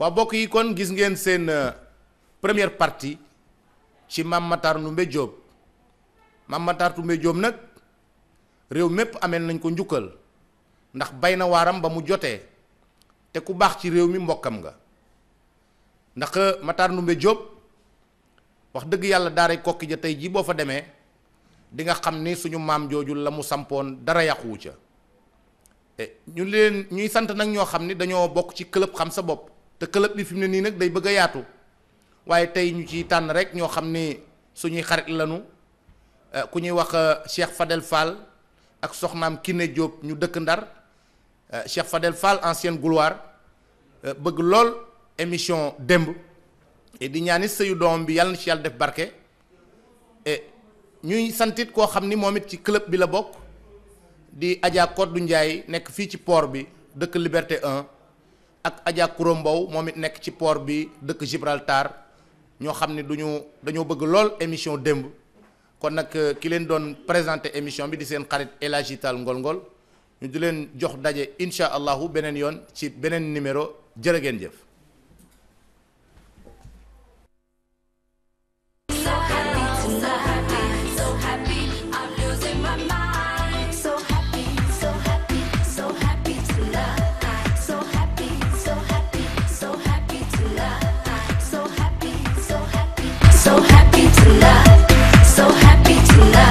waa bokk yi kon gis ngeen seen euh, première partie ci Mame Matar Ndoumbé Diop Mame Matar Ndoumbé Diop nag réew mépp amee nañ ko njukkal ndax bay na waaram ba mu jotee te ku baax ci réew mi mbokkam nga ndax euh, Matar Ndoumbé Diop wax dëgg yàlla daaray kokki ja tey jii boo fa demee di nga xam ni suñu maam jooju la mu sampoon dara yàquwu ca eh, ñu leen ñuy sant nag ñoo xam ni dañoo bokk ci club xam sa bopp te club bi fi mu ne nii nag day bëgg yaatu waaye tey ñu ci tànn rek ñoo xam ni suñuy xarit lañu eh, ku ñuy wax eh, Cheikh Fadel Fall ak soxnaam Kiné Diop ñu dëkk Ndar eh, Cheikh Fadel Fall ancienne gloire bëgg lool émission démb di ñaanit sëyu doom bi yàlla na ci yàlla def barke et ñuy santit koo xam ni moom it ci club bi la bokk di Adja du Ndiaye nekk fii ci poor bi dëkk Liberté un ak Adja Mbow moom it nekk ci port bi dëkk Gibraltar ñoo xam ne du ñu dañoo bëgg lool émission démb kon nag euh, ki leen doon présenté émission bi di seen xarit élagital Ngol Ngol ñu di leen jox daje incha allahu beneen yoon ci beneen numéro jërë geen jëf. so happy to love, so happy to love.